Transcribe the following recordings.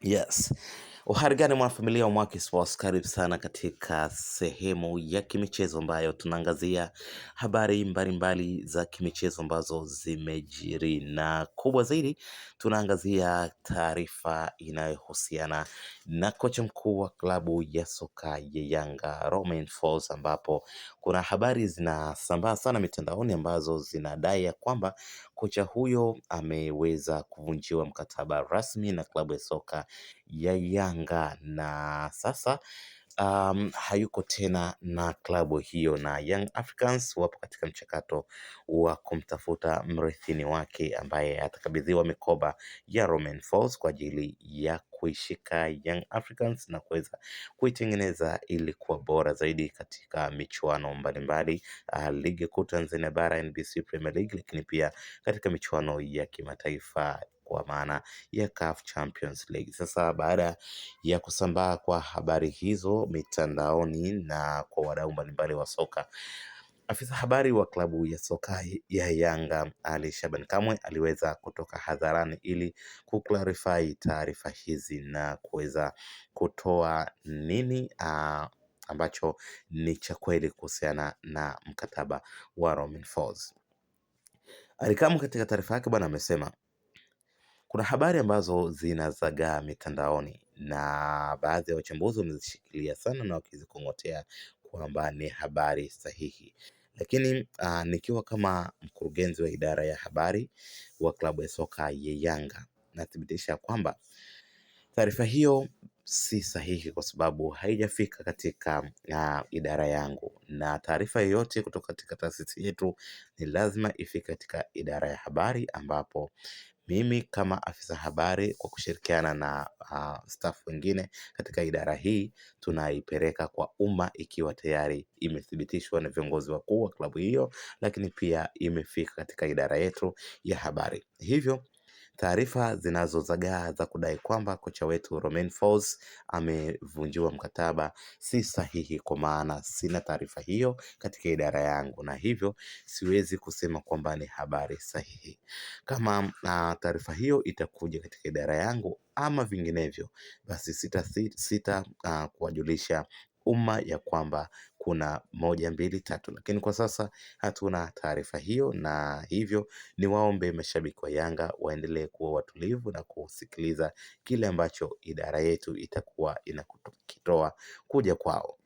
Yes. Uhari gani mwanafamilia wa Mwaki Sports, karibu sana katika sehemu ya kimichezo ambayo tunaangazia habari mbalimbali mbali za kimichezo ambazo zimejiri, na kubwa zaidi tunaangazia taarifa inayohusiana na kocha mkuu wa klabu ya soka ya Yanga Romain Folz, ambapo kuna habari zinasambaa sana mitandaoni ambazo zinadai ya kwamba Kocha huyo ameweza kuvunjiwa mkataba rasmi na klabu ya soka ya Yanga na sasa um, hayuko tena na klabu hiyo, na Young Africans wapo katika mchakato wa kumtafuta mrithini wake ambaye atakabidhiwa mikoba ya Romain Folz kwa ajili ya kuishika Young Africans na kuweza kuitengeneza ili kuwa bora zaidi katika michuano mbalimbali, uh, ligi kuu Tanzania bara NBC Premier League, lakini pia katika michuano ya kimataifa kwa maana ya CAF Champions League. Sasa baada ya kusambaa kwa habari hizo mitandaoni na kwa wadau mbalimbali wa soka Afisa habari wa klabu ya soka ya Yanga Ali Shaban Kamwe aliweza kutoka hadharani ili kuclarify taarifa hizi na kuweza kutoa nini uh, ambacho ni cha kweli kuhusiana na mkataba wa Romain Folz. Alikamu katika taarifa yake bwana amesema kuna habari ambazo zinazagaa mitandaoni na baadhi ya wachambuzi wamezishikilia sana na wakizikong'otea kwamba ni habari sahihi. Lakini uh, nikiwa kama mkurugenzi wa idara ya habari wa klabu ya soka ya Yanga nathibitisha kwamba taarifa hiyo si sahihi kwa sababu haijafika katika uh, idara yangu, na taarifa yoyote kutoka katika taasisi yetu ni lazima ifike katika idara ya habari ambapo mimi kama afisa habari kwa kushirikiana na ah, staff wengine katika idara hii tunaipeleka kwa umma ikiwa tayari imethibitishwa na viongozi wakuu wa klabu hiyo lakini pia imefika katika idara yetu ya habari. Hivyo Taarifa zinazozagaa za kudai kwamba kocha wetu Romain Folz amevunjiwa mkataba si sahihi, kwa maana sina taarifa hiyo katika idara yangu, na hivyo siwezi kusema kwamba ni habari sahihi. Kama ah, taarifa hiyo itakuja katika idara yangu ama vinginevyo, basi sita, sita uh, kuwajulisha umma ya kwamba kuna moja, mbili, tatu, lakini kwa sasa hatuna taarifa hiyo, na hivyo ni waombe mashabiki wa Yanga waendelee kuwa watulivu na kusikiliza kile ambacho idara yetu itakuwa inakitoa kuja kwao.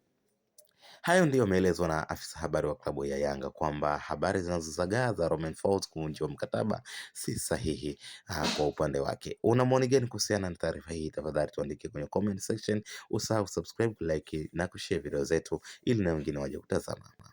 Hayo ndiyo yameelezwa na afisa habari wa klabu ya Yanga kwamba habari zinazozagaa za Romain Folz kuvunjiwa mkataba si sahihi. Ah, kwa upande wake, una maoni gani kuhusiana na taarifa hii? Tafadhali tuandike kwenye comment section. Usahau subscribe, like na kushare video zetu ili na wengine waje kutazama.